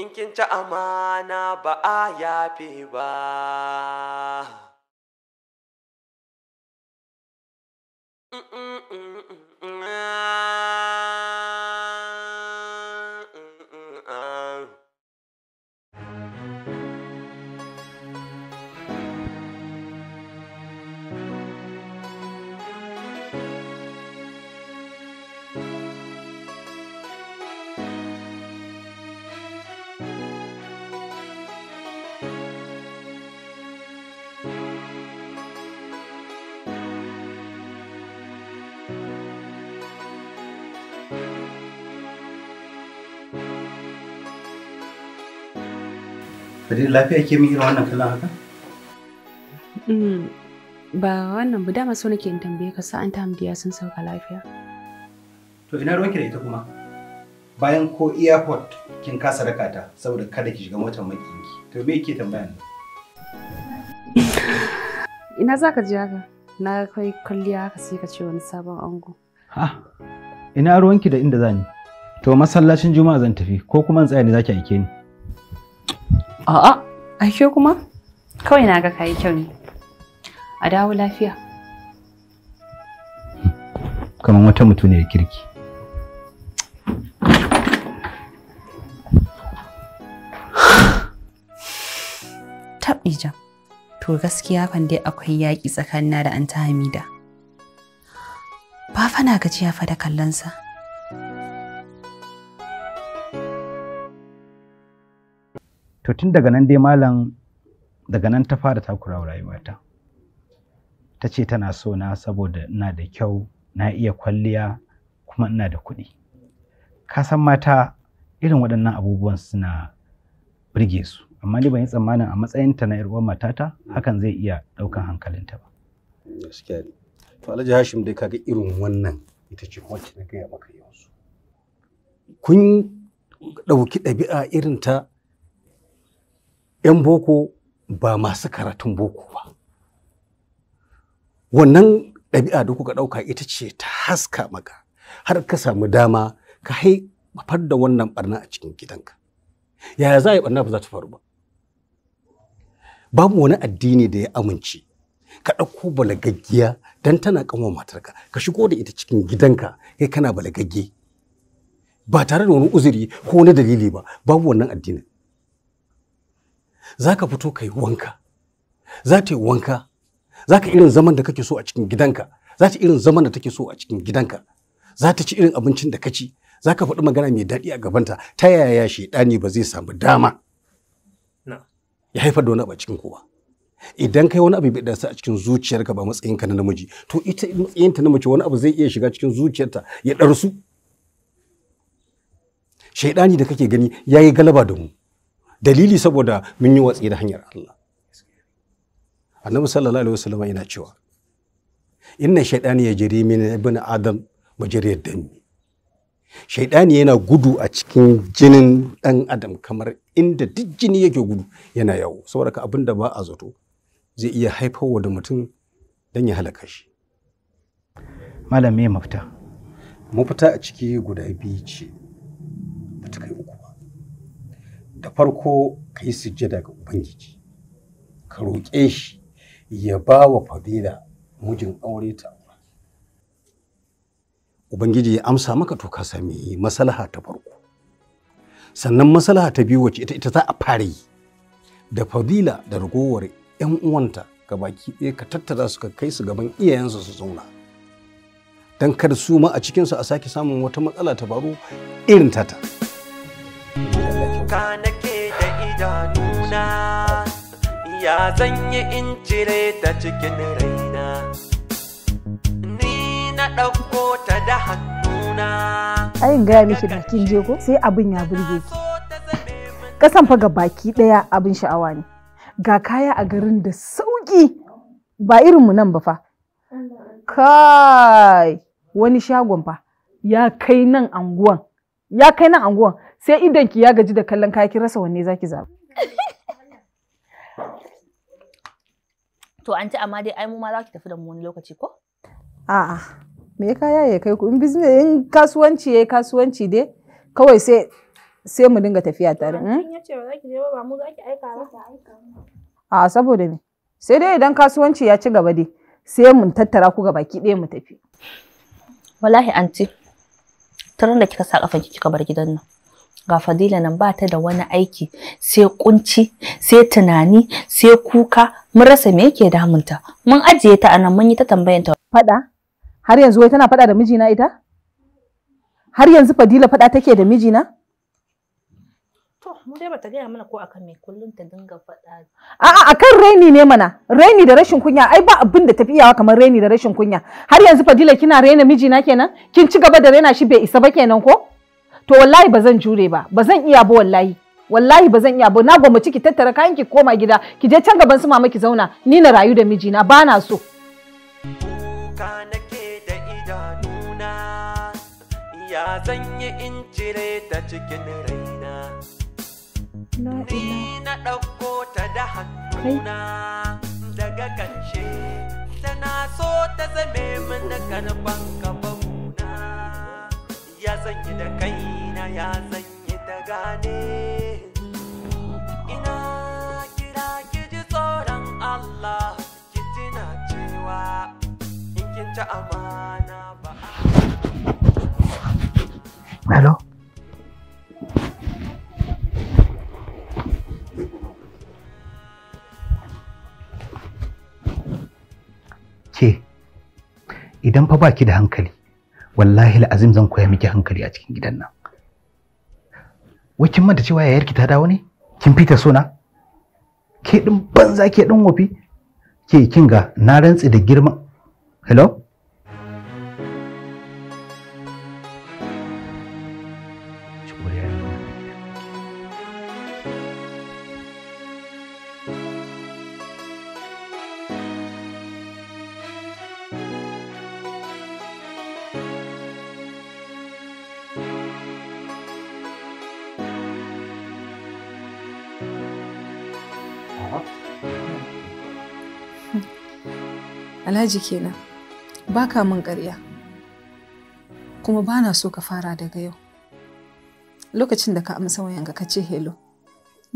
in kin ci amana ba a yafe ba mm, mm, mm, Fadil lafiya ke min irin wannan kallon haka? Mm, ba wannan ba dama so nake in tambaye ka sa'an ta Hamdiya sun sauka lafiya. To ina ruwanki da ita kuma? Bayan ko airport kin kasa raka ta saboda kada ki shiga motar makinki. To me yake tambaya ne. Ina za ka je haka? Na kai kwalliya haka sai ka ce wani sabon ango. Ha? Ina ruwanki da inda ni, To masallacin Juma'a zan tafi ko kuma in tsaya ne zaki aike ni? A'a, ashe kuma? Kawai na ga kayi kyau ne. A dawo lafiya. Kamar wata mutuniyar kirki. Taɓija, to gaskiya kan dai akwai yaƙi tsakanina da Anta Hamida. Ba fa na gajiya fa da kallonsa. to tun daga nan dai malam daga nan ta fara takurawa rayuwata ta ce tana so na saboda ina da kyau na iya kwalliya kuma ina da kuɗi ka san mata irin waɗannan abubuwan suna birge su amma ni ban yi tsammanin a matsayinta na uwar matata hakan zai iya ɗaukan hankalinta ba to kun ɗauki ɗabi'a irin ta 'yan boko ba masu karatun boko ba wannan ɗabi'a da kuka ɗauka ita ce ta haska maka har ka samu dama ka hai mafar da wannan barna a cikin gidanka yaya za a yi barna ba za ta faru ba babu wani addini da ya amince ka ɗauko balagaggiya don tana ƙanwa matarka ka shigo da ita cikin gidanka kai kana balagagge ba tare da wani uzuri ko wani dalili ba babu wannan addinin za ka fito ka yi wanka za ta yi wanka za ka irin zaman da kake so a cikin gidanka za ta irin zaman da take so a cikin gidanka za ta ci irin abincin da ka ci za ka faɗi magana mai daɗi a gabanta ta yaya shaidani ba zai samu dama ya haifar da wani abu a cikin kowa idan kai wani abu bai a cikin zuciyarka ba matsayinka na namiji to ita matsayinta na mace wani abu zai iya shiga cikin zuciyarta ya ɗarsu shaiɗani da kake gani ya yi galaba da mu dalili saboda mun yi watsi da hanyar Allah annabi sallallahu alaihi wasallam yana cewa inna shaytani ya jiri min ibn adam majriyad dami shaidani yana gudu a cikin jinin dan adam kamar inda duk jini yake gudu yana yawo saboda ka abinda da ba a zato zai iya haifarwa da mutum don ya halaka shi malam me mafita mafita a ciki guda biyu ce uku da farko ka yi sujjada ga Ubangiji, ka roƙe shi ya ba wa fadila mijin aure ta Ubangiji ya amsa maka to ka sami masalaha ta farko. Sannan masalaha ta biyu wacce ita ita za a fara yi da fadila da ragowar 'yan uwanta ga baki ɗaya ka tattara su ka kai su gaban iyayensu su zauna. Don kar su ma a cikinsu a sake samun wata matsala ta baro irin tata. nuna, ya zanyi yi ta cikin raina ni na ɗauko ta da hannuna ai gaya miki da kin je ko sai abin ya burge ki kasan fa ga baki ɗaya abin sha'awa ne ga kaya a garin da sauki ba irin mu nan ba fa kai wani shagon fa ya kai nan anguwan ya kai nan anguwan sai idan ki ya gaji da kallon kaya kin rasa wanne zaki zaɓa to an ci amma dai ai mu ma ki tafi da mu wani lokaci ko a'a me kaya ya kai ku in business in kasuwanci yayi kasuwanci dai kawai sai sai mu dinga tafiya tare hmm? in ce ba zaki je ba mu zaki aika ba a saboda me sai dai idan kasuwanci ya ci gaba dai sai mun tattara ku baki ɗaya mu tafi wallahi anti tarin da kika sa kafan kika bar gidan nan ga fadila nan ba ta da wani aiki sai kunci sai tunani sai kuka mun rasa me yake damunta mun ajiye ta anan mun yi ta tambayan ta fada har yanzu wai tana fada da mijina ita har yanzu fadila fada take da mijina to mu dai bata gaya mana ko akan me kullun ta dinga fada a'a akan raini ne mana raini da rashin kunya ai ba abin da tafi iyawa kamar raini da rashin kunya har yanzu fadila kina raina mijina kenan kin ci gaba da raina shi bai isa ba kenan ko to wallahi ba zan jure ba ba zan iya ba wallahi wallahi ba zan iya ba na gwamnati ki tattara kayan ki koma gida ki je can gaban su mama ki zauna ni na rayu da mijina ba na so kuka nake da idanuna ya zan yi in cire ta cikin raina ni na ɗauko ta da hannuna daga kanshe tana so ta zame mana karban gaba ya zan yi da kai ya zan yi ta gane ina kira ki ji tsoron Allah ki tuna cewa in kin amana ba Hello Ke idan fa baki da hankali wallahi la'azim zan koya miki hankali a cikin gidan nan wai kin manta cewa yayar ki ta dawo ne kin fita suna ke din banza ke din wofi ke kin ga na rantsi da girman hello Alhaji kenan, ba ka min ƙarya, kuma ba na so ka fara daga yau. Lokacin da ka amsa wayanka ka ce hello,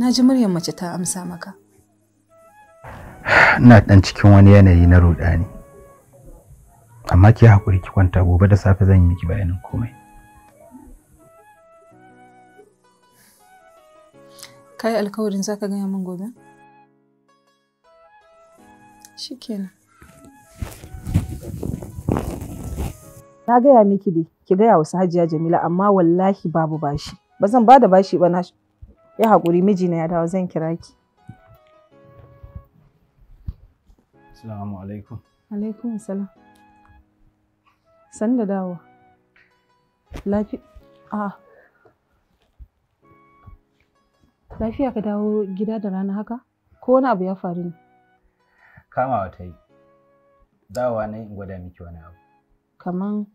na ji muryar mace ta amsa maka. Ina ɗan cikin wani yanayi na ruɗani, amma ki hakuri ki kwanta gobe da safe zan yi miki bayanin komai. Ka yi alkawarin za gaya min gobe? Shikenan. Na gaya miki dai, ki gaya wasu hajiya Jamila amma wallahi babu bashi. Ba zan ba da bashi ba na ya haƙuri mijina ya dawo zan kira ki. Assalamu alaikum. Alaikum salam. San da dawo. Lafi a Lafiya ka dawo gida da rana haka? Ko wani abu ya faru ne? Kamawa ta yi. Dawa na yi in gwada miki wani abu. kaman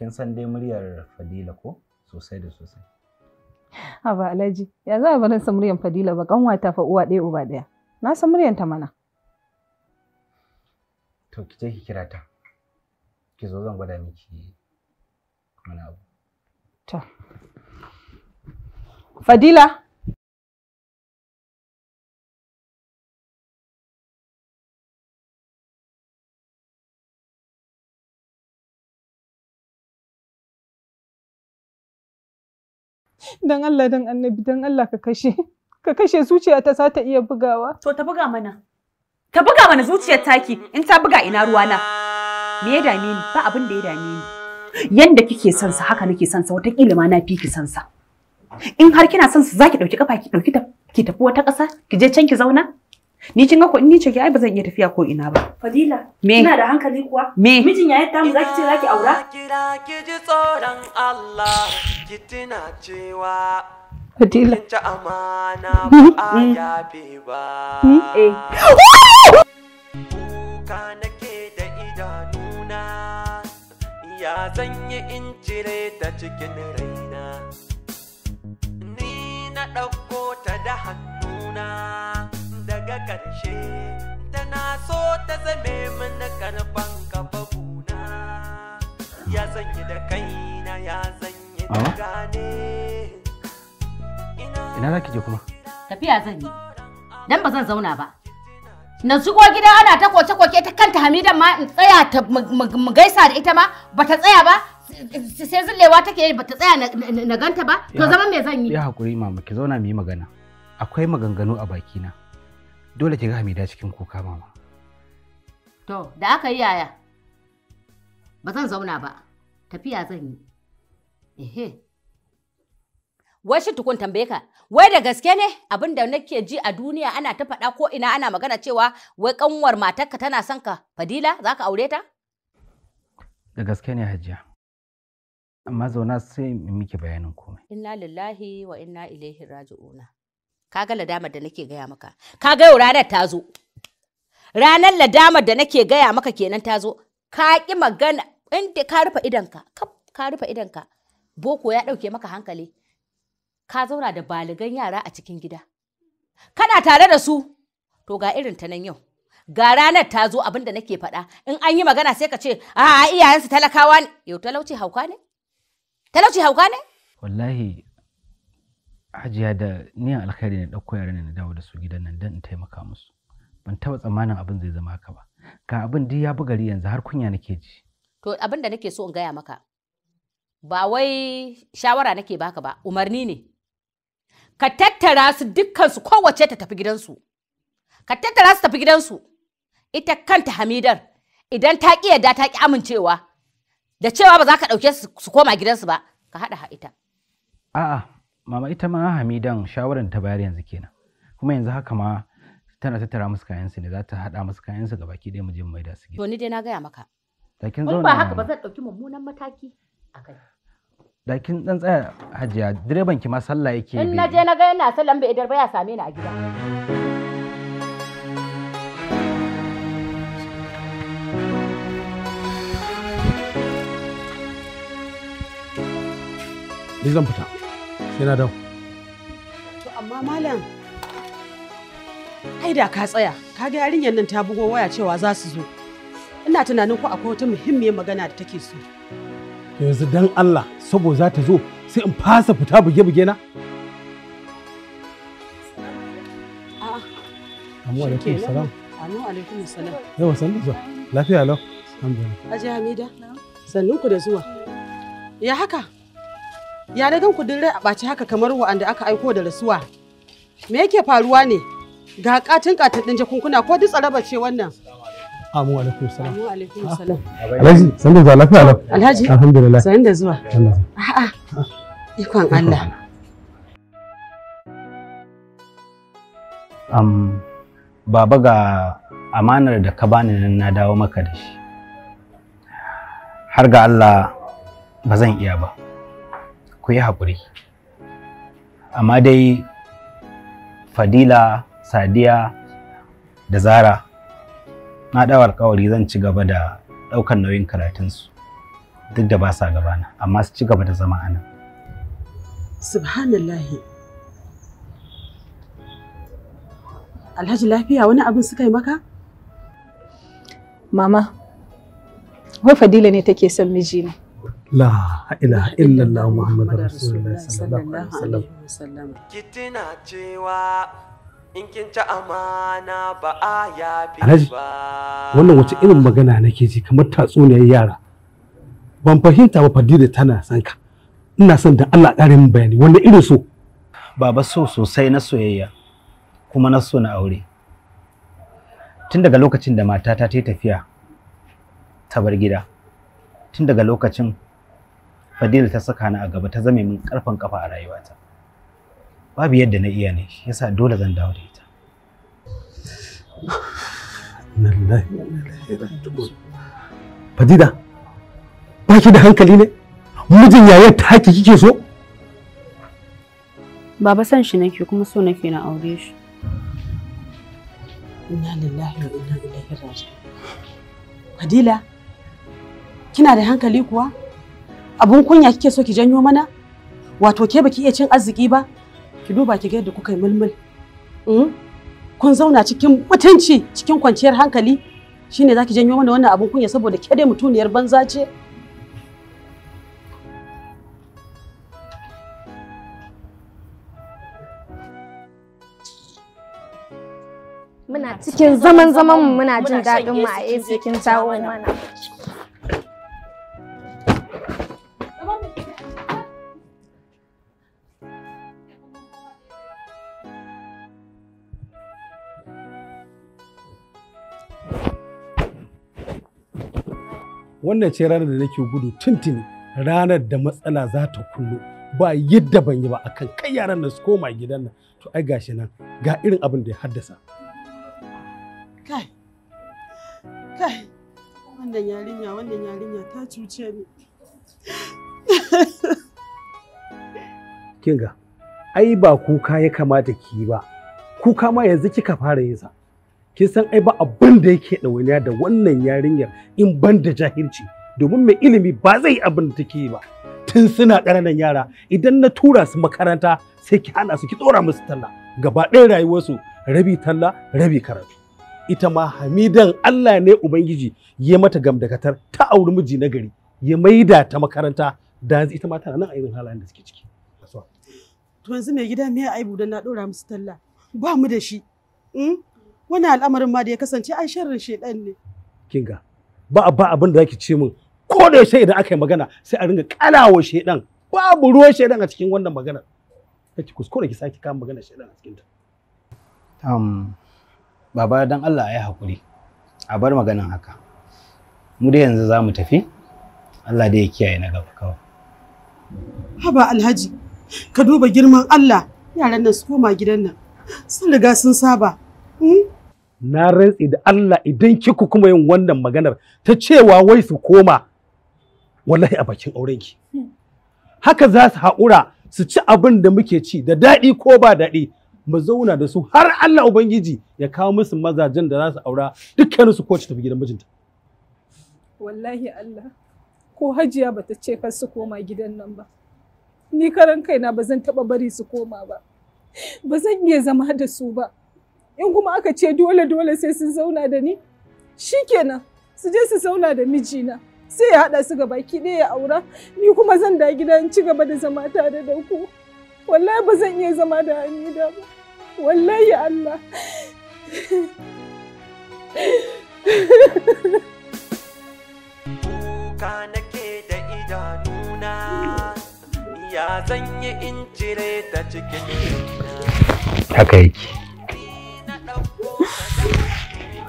kin san dai muryar Fadila ko sosai da sosai ba Alhaji ya za a bar san muryar Fadila ba kanwata fa uwa ɗaya uba ɗaya na san muryar ta mana to ki je ki kira ta ki zo zan gwada miki wani abu to Fadila Dan Allah dan annabi dan Allah ka kashe. Ka kashe zuciya ta za ta iya bugawa. To ta buga mana. Ta buga mana zuciyar taki in ta buga ina ruwana. Me ya dame ni ba abin da ya dame ni. Yanda kike son sa haka nake son sa kila ma na fi ki son sa. In har kina son sa zaki ɗauki kafa ki ɗauki ta ki tafi wata ƙasa ki je can ki zauna. Ni kin ga ko in ni ce ai ba zan iya tafiya ko ina ba. Fadila, me? Kina da hankali kuwa? Me? Mijin yatta mu zaki ce zaki aura? Kira ki ji tsoron Allah, ki tuna cewa Fadila. Kin ci amana mm-hmm. ba a mm-hmm. yabe ba. Mm-hmm. Eh. Kuka nake da idanuna, ya zan yi in cire Ni na ɗauko ta da hannuna. daga ƙarshe tana so ta zame mana karfan kafa buna ya zanyi da kaina ya zanyi da gane ina za ki je kuma tafiya zan yi dan ba zan zauna ba na shigo gida ana ta koke-koke ta kanta hamidan ma in tsaya ta mu gaisa da ita ma bata tsaya ba sai zullewa take ba ta tsaya na ganta ba to zama me zan yi ya hakuri mama ki zauna mu yi magana akwai maganganu a bakina dole ki ga Hamida cikin kuka mama. To, da aka yi yaya? Ba zan zauna ba, tafiya zan yi. Ehe. Wai tukun tambaye ka, wai da gaske ne abin da nake ji a duniya ana ta faɗa ko ina ana magana cewa wai ƙanwar matarka tana son ka fadila za ka aure ta? Da gaske ne hajiya. Amma zauna sai miki bayanin komai. Inna lillahi wa inna ilaihi raji'una. kaga ladamar da nake gaya maka kaga yau ranar ta zo ranar ladamar da nake gaya maka kenan ta zo ka ki magana ka rufe idanka ka rufe boko ya ɗauke maka hankali ka zauna da baligan yara a cikin gida kana tare da su to ga irin ta nan yau ga ranar ta zo abin da nake faɗa in an yi magana sai ka ce a iyayensu talakawa ne yau talauci hauka ne talauci hauka ne wallahi hajiya da niyan alkhairi ne ɗauko yaran na dawo da su gidan nan don in taimaka musu ban taɓa tsammanin abin zai zama haka ba ga abin duk ya bi gari yanzu har kunya nake ji to abin da nake so in gaya maka ba wai shawara nake baka ba umarni ne ka tattara su dukkan su kowace ta tafi gidansu ka tattara su tafi gidansu ita kanta hamidar idan ta ƙi yarda ta ƙi amincewa da cewa ba za ka ɗauke su koma gidansu ba ka haɗa ha ita a'a mama ita ma hamidan shawarar ta bayar yanzu kenan kuma yanzu haka ma tana tattara musu kayansu ne za ta haɗa musu kayansu ga baki ɗaya mu je mu maida su gida. To ni dai na gaya maka. Da kin zauna. ba haka ba zan ɗauki mummunan mataki a kai. Da kin ɗan tsaya hajiya direban ki ma sallah yake. In na je na ga yana sallan bai idar ba ya same ni a gida. Ni zan fita. Yana dau. To amma malam ai da ka tsaya ka ga yarinyar nan ta bugo waya cewa za su zo. Ina tunanin ko akwai wata muhimmiyar magana da take so. Yanzu dan Allah sabo za ta zo sai in fasa fita buge-buge na? A'a. Amma alaikum salam. Amma alaikum salam. Yawa sannu zuwa. Lafiya lau. Alhamdulillah. Aji Hamida. ku da zuwa. Ya haka? Ya na gan ku rai a ɓaci haka kamar wa'anda aka aiko da rasuwa. Me yake faruwa ne? Ga katin katin ɗin jakunkuna ko duk tsaraba ce wannan? Amu alaikum salam. Amu alaikum salam. Alhaji, san da zuwa lafiya lau. Alhaji, alhamdulillah. San da zuwa. A'a, ikon Allah. Um, baba ga amanar da ka bani nan na dawo maka da shi. Har ga Allah ba zan iya ba. ku yi haƙuri amma dai fadila sadiya da zara na ɗawar alkawari zan ci gaba da ɗaukar nauyin karatunsu duk da ba sa gabana amma su ci gaba da zama anan Subhanallah! alhaji lafiya wani abin suka yi maka mama wa fadila ne take son mijina la ilaha illallah muhammadu rasulullahi sallallahu alaihi wasallam kitina cewa in kin ci amana ba a yafi ba wannan wace irin magana nake ji kamar tatsuniyar yara ban fahimta ba fadila tana son ka ina son da Allah ƙara min bayani wanda irin so baba so sosai na soyayya kuma na so na aure tun daga lokacin da matata ta yi tafiya ta bar gida tun daga lokacin fadila ta saka ni a gaba ta zame min karfan kafa a rayuwata babu yadda na iya ne yasa dole zan dawo da ita fadila ba ki da hankali ne mijin yayin ta haki kike so baba san shi nake kuma so nake na aure shi inna lillahi wa inna ilaihi raji'un fadila kina da hankali kuwa abun kunya kike so ki janyo mana wato ke baki iya cin arziki ba ki duba ki ga yadda kuka yi mulmul hmm? kun zauna cikin mutunci cikin kwanciyar hankali shine zaki janyo mana wannan abun kunya saboda ke dai mutuniyar banza ce muna cikin zaman zaman muna jin daɗin mu a cikin mana wannan ce ranar da nake gudu tuntuni ranar da matsala za ta kullu ba yadda ban yi ba akan kai yaran nan su koma gidan nan to ai gashi nan ga irin abin da ya haddasa kai kai wannan yarinya wannan yarinya ta cuce ni kinga ai ba kuka ya kamata ki yi ba kuka ma yanzu kika fara yin sa kin san ai ba abin da yake ɗawainiya da wannan yarinyar in ban da jahilci domin mai ilimi ba zai yi abin da take ba tun suna ƙananan yara idan na tura su makaranta sai ki hana su ki tsora musu talla gaba ɗaya rayuwarsu rabi talla rabi karatu ita ma hamidan Allah ne ubangiji ya mata gamdakatar ta auri miji na gari ya maida ta makaranta da ita ma tana nan a irin halayen da suke ciki to yanzu mai gida me ya aibu dan na ɗora musu talla ba mu da shi hmm? Wani al'amarin ma da ya kasance ai sharrin shedan ne. Kinga ba ba abin da zaki ce min ko da yaushe idan aka yi magana sai a ringa kalawo shedan babu ruwan shedan a cikin wannan magana. Kake kuskure ki saki kama magana shedan a cikin ta. Um, baba dan Allah ya hakuri. A bar maganan haka. Mu da yanzu za mu tafi. Allah da ya kiyaye na gaba kawai. Haba Alhaji, ka duba girman Allah yaran nan su koma gidan nan. Sun riga sun saba. na rantsi da Allah idan kiku kuma yin wannan maganar ta cewa wai su koma wallahi a bakin aurenki haka za su haƙura su ci abin da muke ci da daɗi ko ba daɗi mu zauna da su har Allah Ubangiji ya kawo musu mazajen da za su aura dukkaninsu ko ci tafi gidan mijinta. Wallahi Allah ko hajiya ba ta ce kar su koma gidan nan ba. Ni karan kaina ba zan taɓa bari su koma ba. Ba zan iya zama da su ba. in kuma aka ce dole dole sai sun zauna da ni shikenan su je su zauna da mijina sai ya haɗa su baki ɗaya ya aura ni kuma zan da gida in ci gaba da zama tare da ku wallahi ba zan iya zama da Hamida ba wallahi Allah kuka nake da idanuna ya zan cikin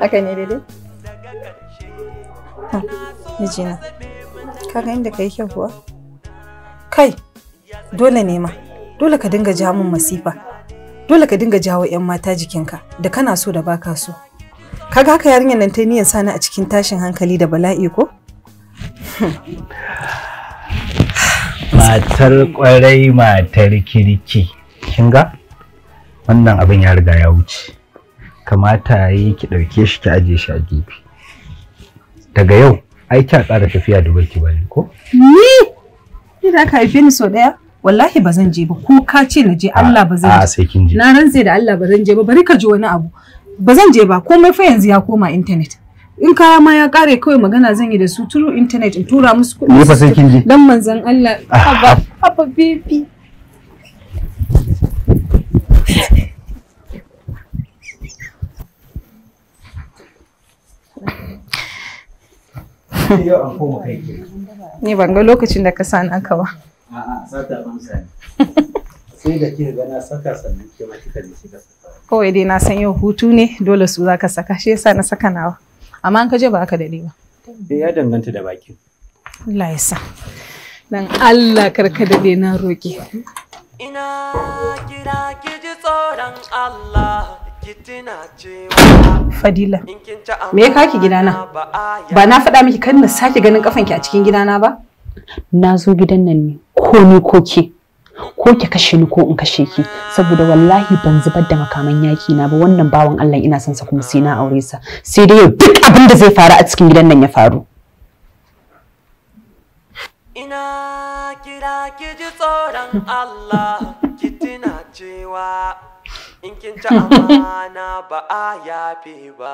haka ne daidai mijina ka ga inda kai kyau kuwa kai dole ne ma dole ka dinga ja mun masifa dole ka dinga jawo 'yan mata jikinka da kana so da baka so Ka ga haka yarinyar nan ta niyan sani a cikin tashin hankali da bala'i ko matar kwarai matar kirki kin ga wannan abin ya riga ya wuce kamata yi ki ɗauke shi ki ajiye shi a gefe daga yau ai kya tsara tafiya da barki bane ko ni ni da ka haife ni so daya wallahi ba zan je ba ko ka ce na je Allah ba zan je a sai kin je na rantse da Allah ba zan je ba bari ka ji wani abu ba zan je ba komai fa yanzu ya koma internet in kaya ma ya kare kawai magana zan yi da su turu internet in tura musu kuɗi ni fa sai kin je dan manzon Allah ah, haba ah. haba bibi ne an ban ga lokacin da ka sani aka ba sai da kika ga na saka sannan ke kika je kika saka kawai dai na san yau hutu ne dole su za ka saka shi yasa na saka nawa amma an ka je ba aka dade ba eh ya danganta da baki. Allah ya sa dan Allah karka dade na roke ina kira ki ji tsoron Allah Fadila, me ya kaki gidana? Ba na faɗa miki kan na sake ganin ki a cikin gidana ba? Na zo gidan nan ne, ko ni ko ke. Ko ki kashe ni ko in kashe ki, saboda wallahi ban zubar da makaman yaki na ba wannan bawan Allah ina son sa kuma sai na aure sa. Sai dai duk abin da zai faru a cikin gidan nan ya faru. Ina kira ki ji tsoron Allah, ki cewa in kin ci amana ba a yafe ba